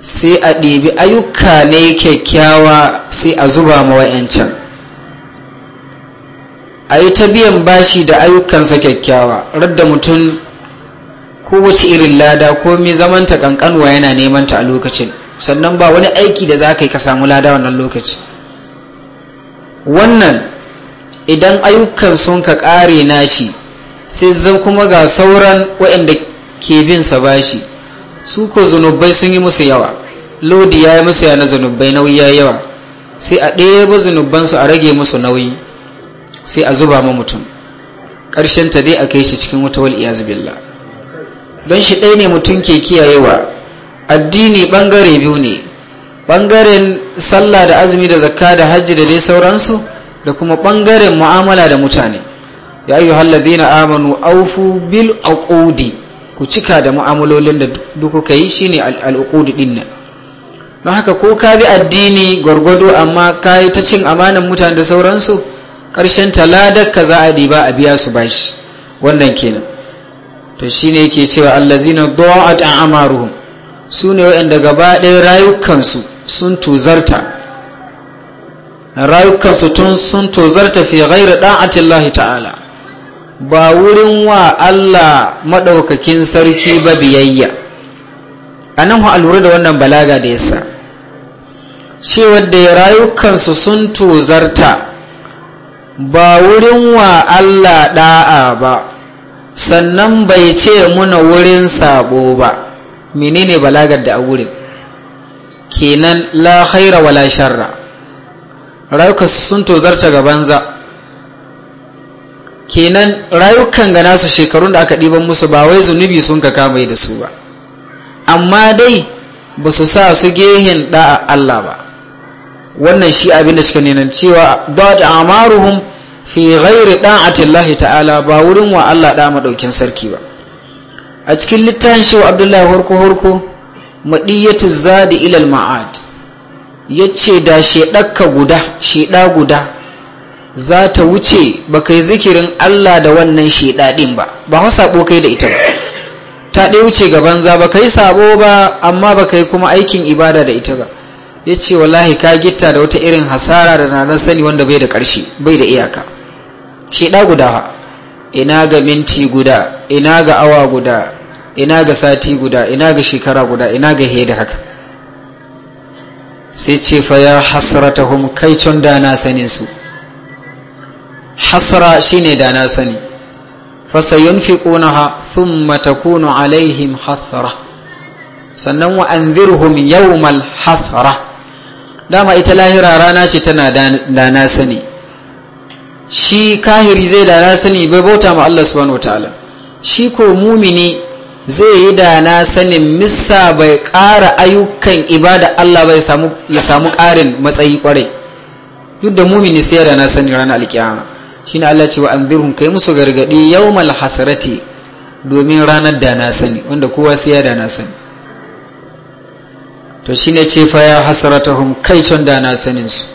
sai a ɗibi ayyuka ne kyakkyawa sai a zuba ma wa'yancan a yi ta biyan bashi da ayyukansa kyakkyawa radda mutum ko wace irin lada ko mai zamanta kankanwa yana nemanta a lokacin sannan ba wani aiki da za ka yi ka samu lada wannan lokacin wannan idan ayyukan sun ka ƙare nashi sai zan kuma ga sauran waɗanda ke bin sa bashi su ko zunubai sun yi musu yawa lodi ya yi musu yana zunubai nauyi ya yawa sai a ɗeba zunubbansu a rage musu nauyi sai a zuba ma mutum ƙarshen ta dai a kai shi cikin wuta wal iyazu billah don shi ɗaya ne mutum ke kiyayewa addini ɓangare biyu ne ɓangaren sallah da azumi da zakka da hajji da dai sauransu da kuma ɓangaren mu'amala da mutane ya ayyu halladina amanu aufu bil uqudi ku cika da mu'amalolin da duk kuka yi shine al uqudi Na don haka ko ka bi addini gwargwado amma ka yi ta cin amanan mutane da sauransu ƙarshen taladar ka za a diba a biya su bashi wannan kenan to shine yake cewa allazina dawa'at amaru su ne waɗanda gaba ɗaya rayukansu sun tuzarta rayukansu tun sun tozarta fi ghairi da'atillahi ta'ala ba wurin wa Allah maɗaukakin sarki ba biyayya a nan a lura da wannan balaga da yasa cewa da rayukansu sun tuzarta. ba wurin wa Allah da'a ba sannan bai ce muna wurin sabo ba menene balagar da a wurin kenan la khaira wala sharra rayuka sun tozarta ga banza kenan rayukan ga nasu shekarun da aka ɗiban musu ba wai zunubi sun ka kama da su ba amma dai ba su sa su gehen da'a Allah ba wannan shi abin da suka nenan cewa da amaruhum fi ghairi da'ati Allah ta'ala ba wurin wa Allah da madaukin sarki ba a cikin littafin shi Abdullahi horko horko maɗiyatu zadi ilal ma'ad ya ce da sheɗakka guda shaɗa guda za ta wuce ba kai zikirin allah da wannan sheɗaɗin ba ba ha saɓo kai da ita ba ta ɗaya wuce gaban za ba kai saɓo ba amma ba kai kuma aikin ibada da ita ba ya ce wallahi ka gitta da wata irin hasara da na nan sani wanda bai da ƙarshe bai da iyaka sheɗa guda ina ga minti guda ina ga awa guda ina ga sati guda ina ga shekara guda ina ga heda haka sai ce fa ya hasratahum kai can da na sanin su hasra shine da na sani fa sayunfiqunaha thumma takunu alaihim hasra sannan wa anzirhum yawmal hasra dama ita lahira rana ce tana da na sani shi kahiri zai da na sani bai bauta ma Allah subhanahu wataala shi ko mumini zai yi da na sanin missa bai ƙara ayyukan ibada Allah bai ya samu ƙarin matsayi ƙwarai duk da mumini sai da na sanin ranar alkiyama shine Allah ce wa anzirhum kai musu gargadi yawmal hasarati domin ranar da na sani wanda kowa sai ya da na sani to shine ce fa ya hasratahum kai can da na sanin su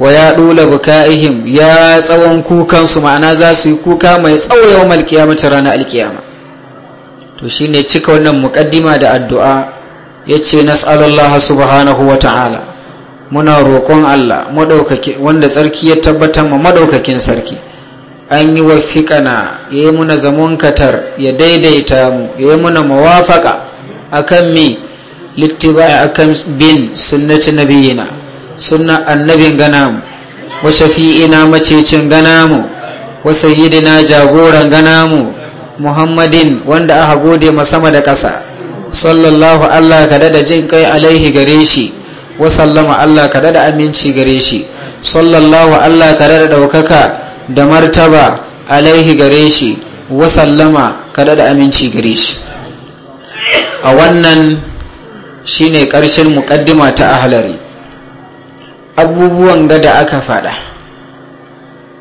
wa ya dula bukaihim ya tsawon kukansu ma'ana za su yi kuka mai tsawo yawmal qiyamati ranar alkiyama to shine cika wannan muƙaddima da addu'a yace nas'alullah subhanahu wa ta'ala muna roƙon Allah wanda Sarki ya tabbatar ma maɗaukakin sarki an yi wafiƙana ya yi muna zamon katar ya daidaita mu ya yi muna mawafaka akan mi littiba akan bin sunnati nabiyina sunna annabin gana mu wa shafi'ina macecin gana mu wa sayyidina jagoran gana mu muhammadin wanda aka gode ma sama da ƙasa sallallahu allah ka dada jin kai alaihi gare shi wa sallama allah ka dada aminci gare shi sallallahu allah ka dada ɗaukaka da martaba alaihi gare shi wa sallama ka dada aminci gare shi a wannan shine ƙarshen muƙaddima ta ahalari abubuwan gada aka faɗa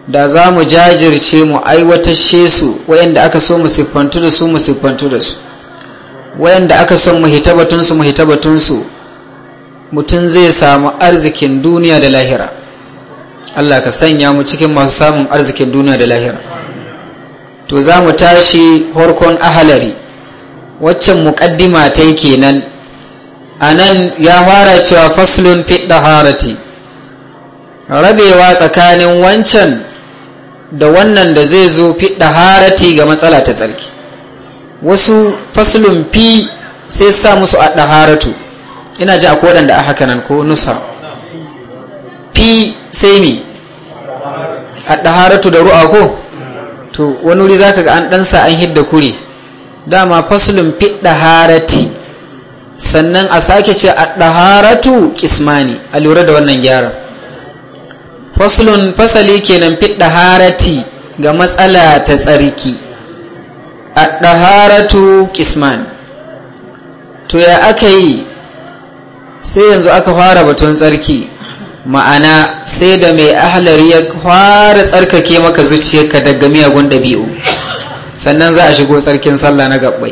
da za mu jajirce mu aiwatashe su wayanda aka so mu siffantu da su mu siffantu da su wayanda aka son mu hitabatun su mu hitabatun su mutum zai samu arzikin duniya da lahira Allah ka sanya mu cikin masu samun arzikin duniya da lahira to za mu tashi horkon ahalari waccan muqaddima ta kenan Anan ya fara cewa faslun fi daharati rabewa tsakanin wancan da wannan da zai zo fi ɗaharati ga matsala ta tsarki wasu faslun fi sai sa musu a ɗaharatu ina ji kodan da a haka ko nusa fi sai mi a ɗaharatu da ru'a ko to wani wuri za ka ga an ɗansa an hidda kure dama faslun fi harati sannan a sake ce a ɗaharatu kismani a lura da wannan gyaran faslun fasali kenan fi ɗaharati ga matsala ta tsarki a ɗaharatu kisman to ya aka yi sai yanzu aka fara batun tsarki ma'ana sai da mai ahalari ya fara tsarkake maka zuciyarka daga miyagun ɗabi'u sannan za a shigo tsarkin sallah na gabbai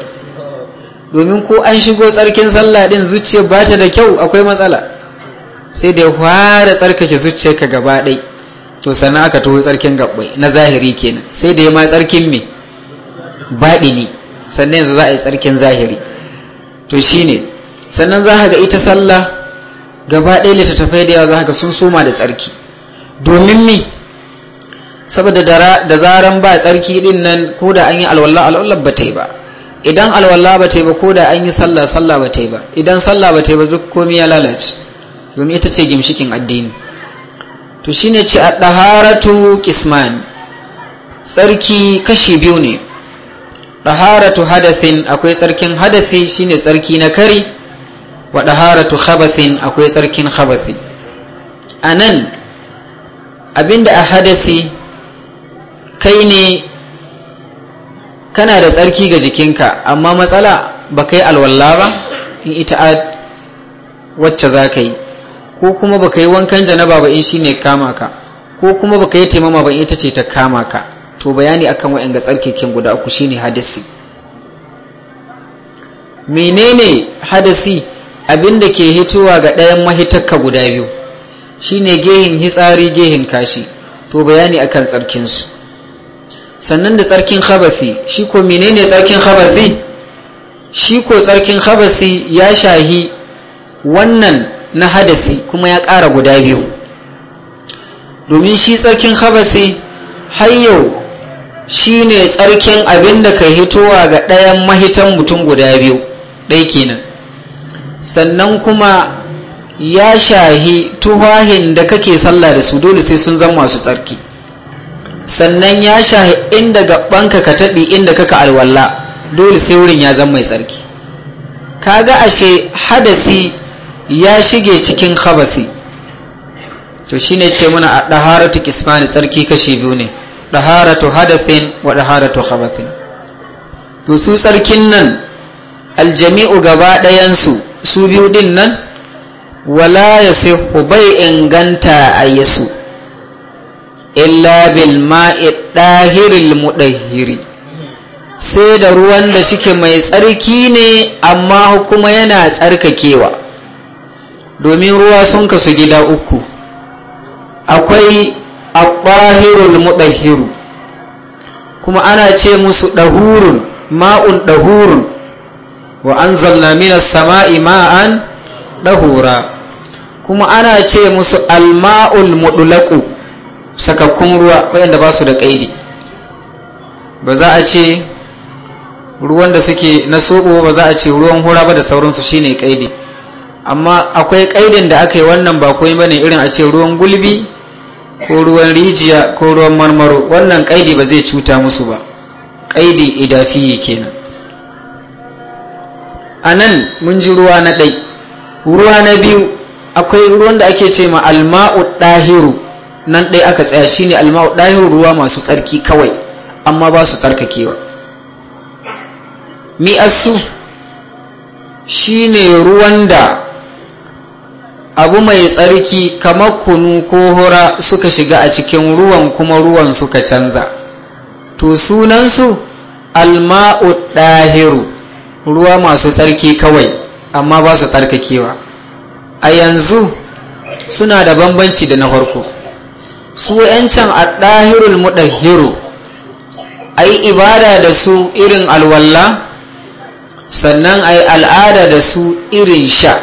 domin ko an shigo tsarkin sallah ɗin zuciyar ba ta da kyau akwai matsala sai da fara tsarkake zuciyarka gaba ɗai to sannan aka taho tsarkin gabbai na zahiri kenan sai da ya ma tsarkin me ne sannan yanzu za a yi tsarkin zahiri to shine sannan za ga ita sallah gaba ɗaya littattafai da yawa za ka sun soma da tsarki domin me saboda da zaran ba tsarki ɗin nan ko da an yi alwala alwala ba ta yi ba idan alwala ba ta yi ba ko da an yi sallah sallah ba ta yi ba idan sallah ba ta yi ba duk komi ya lalace domin ita ce gimshikin addini to shine ce a ɗaharatu kisman tsarki kashi biyu ne ɗaharatu hadathin akwai tsarkin hadathi shine tsarki na kari wa ɗaharatu khabathin akwai tsarkin khabathi a nan abinda a hadasi kai ne kana da tsarki ga jikinka amma matsala ba kai alwallah ba in ita wacce za ka yi ko kuma baka yi wankan janaba ba in shine kama ka ko kuma baka yi taimama ba in ita ce ta kama ka to bayani akan ga tsarkekin guda uku shine hadasi menene hadasi da ke hitowa ga ɗayan mahitakka guda biyu shine gehin hitsari gehin kashi to bayani akan tsarkinsu sannan da tsarkin khabasi shi ko menene tsarkin khabasi shi ko tsarkin khabasi ya shahi wannan na hadasi kuma ya ƙara guda biyu domin shi tsarkin habasi har yau shi ne tsarkin abin da ka hitowa ga ɗayan mahitan mutum guda biyu ɗai kenan sannan kuma ya shahi tuhahin da kake sallah da su dole sai sun zama masu tsarki sannan ya shahi inda gabanka ka taɓi inda kaka alwala dole sai wurin ya zama mai tsarki ga ashe hadasi ya shige cikin habasi to shine ce muna a ɗaharatu kismani tsarki kashi biyu ne ɗaharatu hadathin wa ɗaharatu habathin to su tsarkin nan aljami'u gaba ɗayansu su biyu ɗin nan wala ya sihu bai inganta a yasu illa bil ma'i ɗahiril muɗahiri sai da ruwan da shike mai tsarki ne amma kuma yana tsarkakewa domin ruwa sun kasu gida uku akwai akwahirul mudahiru kuma ana ce musu ɗahurun ma'un ɗahurun wa an zalla minas sama'i ma'an ɗahura kuma ana ce musu alma'ul mudulaku sakakkun ruwa waɗanda ba su da ƙaidi ba za a ce ruwan da suke na soɓo ba za a ce ruwan hura ba da sauransu shine ƙaidi amma akwai ƙaidin da aka yi wannan ba komai bane irin a ce ruwan gulbi ko ruwan rijiya ko ruwan marmaro wannan ƙaidi ba zai cuta musu ba ƙaidi idafiyi kenan a nan mun ji ruwa na ɗai ruwa na biyu akwai ruwan da ake ce ma alma'u ɗahiru nan ɗai aka tsaya shine alma'u ɗahiru ruwa masu tsarki kawai amma ba su tsarkakewa mi asu shine ruwan da abu mai tsarki kamar kunu ko hura suka shiga a cikin ruwan kuma ruwan suka canza to sunansu alma'u dahiru ruwa masu tsarki kawai amma ba su tsarkakewa a yanzu suna da bambanci da na farko su 'yancan a dahirul muɗahiru a yi ibada da su irin alwalla sannan a yi al'ada da su irin sha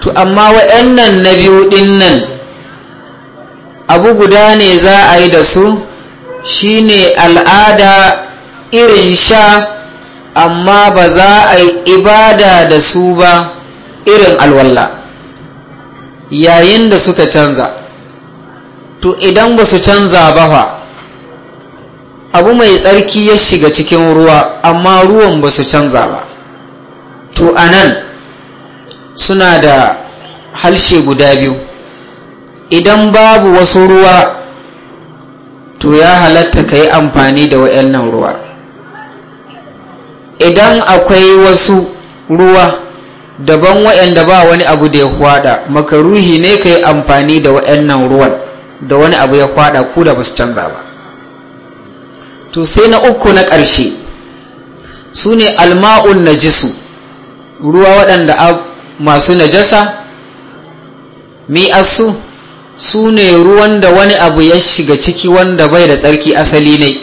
to amma wa'annan na biyu ɗin nan abu guda ne za a yi da su shine al'ada irin sha amma ba za a yi ibada da su ba irin alwallah yayin da suka canza to idan ba su canza ba fa abu mai tsarki ya shiga cikin ruwa amma ruwan ba su canza ba to anan suna da halshe guda biyu idan babu wasu ruwa to ya halatta ka yi amfani da wa'annan ruwa idan akwai wasu ruwa daban wa'anda ba wani abu da ya kwada makaruhi ne ka yi amfani da wa'annan ruwan da wani abu ya kwada ku da basu canza ba to sai na uku na ƙarshe su ne alma'un na jisu ruwa waɗanda masu najasa mi asu su ne ruwan da wani abu ya shiga ciki wanda bai da tsarki asali ne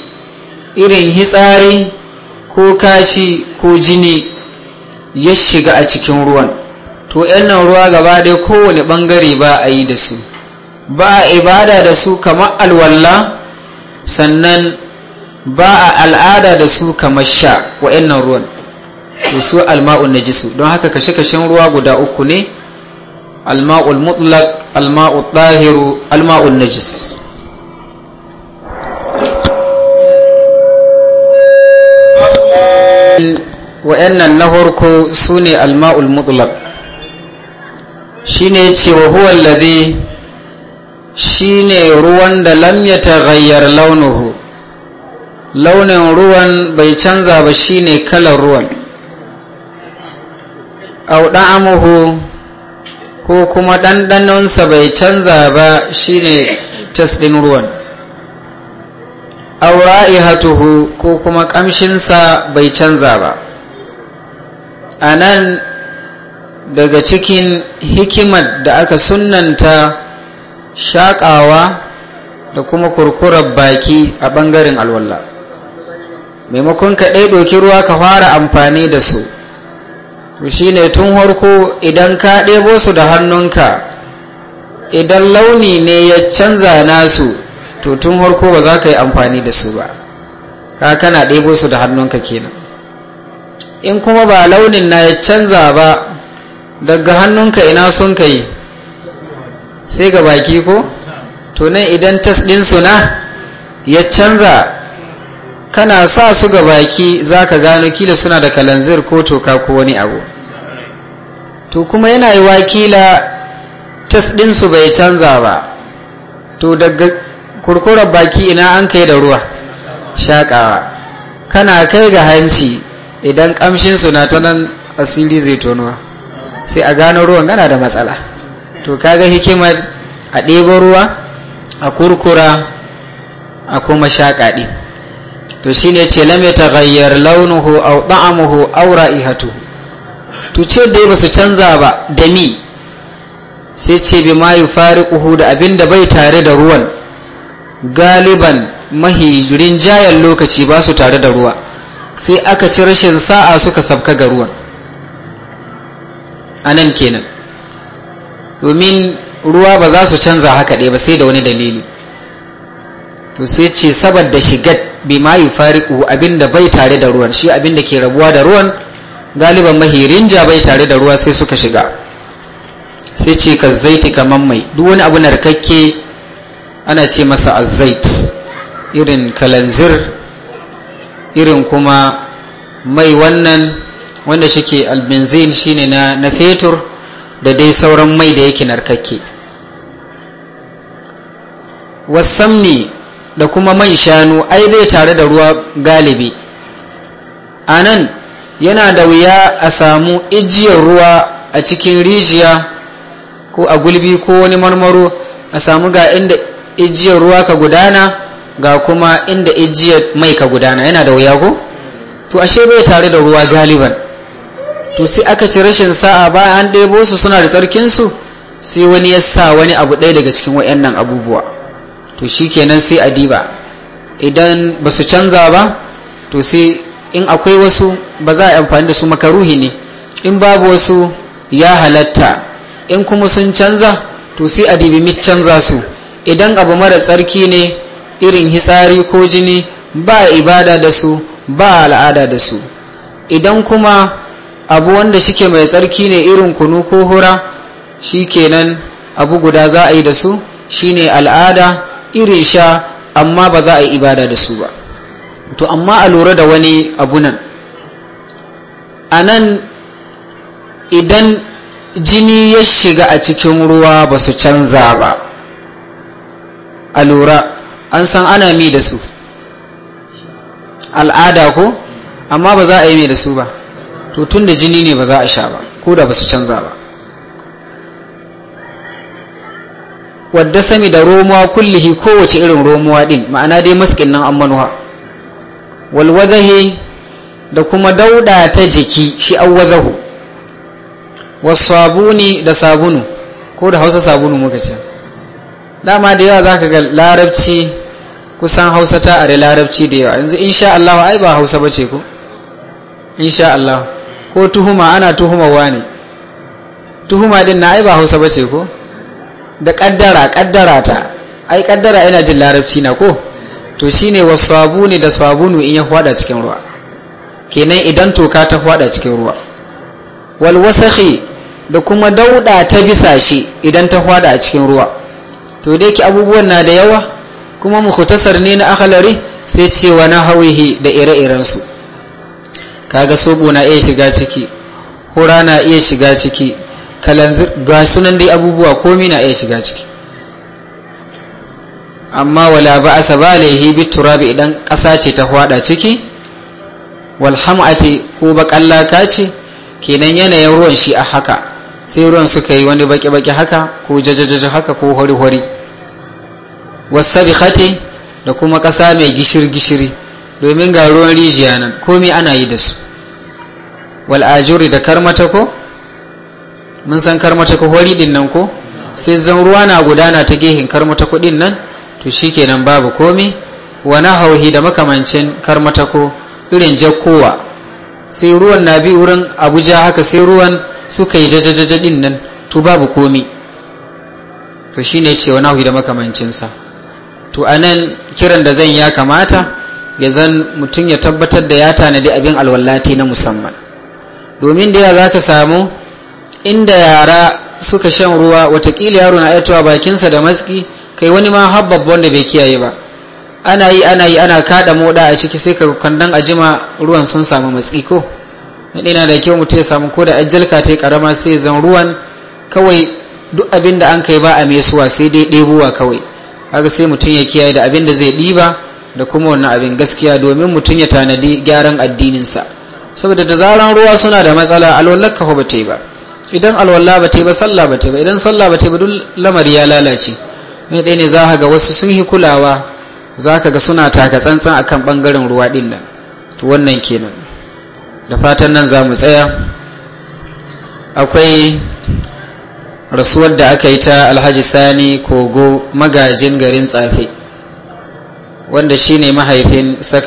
irin hitsari ko kashi ko jini ya shiga a cikin ruwan to nan ruwa gaba ɗaya kowane bangare ba a yi da su ba a ibada da su kamar alwalla sannan ba a al'ada da su kamar sha nan ruwan to su alma'ul najisu don haka kashe-kashen ruwa guda uku ne alma'ul mutlaq alma'ul tahiru alma'ul najis wa'annan na farko su ne alma'ul mutlaq shine cewa huwa alladhi shine ruwan da lam yataghayyar launuhu launin ruwan bai canza ba shine kalar ruwan auɗa'amuhu Amuhu ko kuma ɗanɗanonsa bai canza ba shi ne tasɗin ruwan au ko kuma ƙamshinsa bai canza ba a nan daga cikin hikimar da aka sunanta shaƙawa da kuma kurkurar baki a ɓangaren alwallah maimakon ka ɗai ɗoki ruwa ka fara amfani da su to ne tun harko idan ka ɗebo su da hannunka idan launi ne ya canza nasu to tun harko ba za ka yi amfani da su ba ka kana ɗebo su da hannunka kenan in kuma ba launin na ya canza ba daga hannunka ina sun ka yi sai ga baki ko to nan idan tas ɗinsu na ya canza kana sa su ga baki za ka gano kila suna da kalanzir ko toka ko wani abu to kuma yana yi wakila tas bai canza ba to daga kurkurar baki ina an kai da ruwa shaƙawa kana kai ga hanci idan kamshinsu na ta nan asiri zai tonuwa sai a gano ruwan gana da matsala to ga hikimar a ɗebo ruwa a kurkura a kuma shaƙaɗi to shi ne ce lam yataghayyar launuhu au ta'amuhu au ra'ihatuhu to ce dai ba su canza ba da ni sai ce bi ma yufariquhu da abinda bai tare da ruwan galiban mahi rinjayen lokaci ba su tare da ruwa sai aka ci rashin sa'a suka sabka ga ruwan anan kenan domin ruwa ba za su canza haka ɗaya ba sai da wani dalili to sai ce saboda shigar bima fariku abinda bai tare da ruwan shi abinda ke rabuwa da ruwan galiban mahirin ja bai tare da ruwa sai suka shiga sai ce ka zaiti kaman mai duk wani abu narkakke ana ce masa azzait irin kalanzir irin kuma mai wannan wanda shike albenzin shine na na fetur da dai sauran mai da yake narkakke wasamni da kuma man shanu ai bai tare da ruwa galibi a nan yana da wuya a samu ijiyar ruwa a cikin rijiya ko a gulbi ko wani marmaro a samu ga inda ijiyar ruwa ka gudana ga kuma inda ijiyar mai ka gudana yana da wuya ko to ashe bai tare da ruwa galiban to sai aka ci rashin sa'a ba an ɗebo su suna da tsarkinsu sai wani ya sa wani abu ɗaya daga cikin wa'annan abubuwa to shi sai a diba idan ba su canza ba to sai in akwai wasu ba za a amfani da su makaruhi ne in babu wasu ya halatta in kuma sun canza to sai a dibi mit canza su idan abu mara tsarki ne irin hitsari ko jini ba ibada da su ba al'ada da su idan kuma abu wanda shike mai tsarki ne irin kunu ko hura shi kenan abu guda za a yi da su shine al'ada irin sha amma ba za a yi ibada da su ba to amma a lura da wani abu nan a nan idan jini ya shiga a cikin ruwa ba su canza ba a lura an san ana mi da su al'ada ko amma ba za a yi mai da su ba to tun da jini ne ba za a sha ba ko da ba su canza ba wadda sami da romuwa kullihi kowace irin romuwa din ma'ana dai maskin nan ammanuwa walwadahi da kuma dauda ta jiki shi awwazahu wasabuni da sabunu ko da hausa sabunu muka ce dama da yawa zaka ga larabci kusan hausa ta are larabci da yawa yanzu insha Allah ai ba hausa bace ko insha Allah ko tuhuma ana tuhuma wani tuhuma din na ai ba hausa bace ko da kaddara kaddara ta ai kaddara yana jin larabci na ko to shine wasabu ne da sabunu in ya fada cikin ruwa kenan idan toka ta fada cikin ruwa wal wasakhi da kuma dauda ta bisa shi idan ta fada a cikin ruwa to dai ki abubuwan na da yawa kuma khutasar ne na akhlari sai cewa na hawihi da ire-iren su kaga sobo na iya shiga ciki hura na iya shiga ciki kalanzir ga sunan dai abubuwa komi na iya shiga ciki amma wala ba asa ba laihi bi turabi idan ƙasa ce ta hwada ciki walhamati ko bakan laka ce kenan yanayin ruwan shi a haka sai ruwan suka yi wani baki-baki haka ko jajajaja haka ko hori-hori wasabi khati da kuma ƙasa mai gishiri-gishiri domin ga ruwan rijiya nan komi ana yi da su wal'ajuri da karmata ko mun san karmata ko hori din nan ko sai zan ruwa na gudana ta gehin karmata ko nan to shikenan babu komi wa na hauhi da makamancin karmata ko irin jakkowa sai ruwan na bi wurin abuja haka sai ruwan suka yi jajajaja din nan to babu komi to shine ce wa hauhi da makamancinsa to anan kiran da zan ya kamata ya zan mutum ya tabbatar da ya tanadi abin alwallati na musamman domin da ya za ka samu inda yara suka shan ruwa watakila yaro na aitowa bakinsa da matsi kai wani ma habbab wanda bai kiyaye ba ana yi ana yi ana kada moda a ciki sai ka kandan ajima ruwan sun samu matsi ko yana da kyau mutum ya samu ko da ajalka ta karama sai zan ruwan kawai duk abin da an kai ba a mesuwa sai dai ɗebuwa kawai haka sai mutum ya kiyaye da abin da zai ɗiba da kuma wannan abin gaskiya domin mutum ya tanadi gyaran addininsa saboda da zaran ruwa suna da matsala alwallaka ba ta yi ba idan alwala ba ta yi ba sallah ba ta yi ba idan sallah ba ta yi ba duk lamari ya lalace mai ɗaya ne za ka ga wasu sun yi kulawa za ka ga suna taka tsantsan a kan ɓangaren ruwa ɗin nan to wannan kenan da fatan nan za mu tsaya akwai rasuwar da aka yi ta alhaji sani kogo magajin garin tsafe wanda shi ne mahaifin saka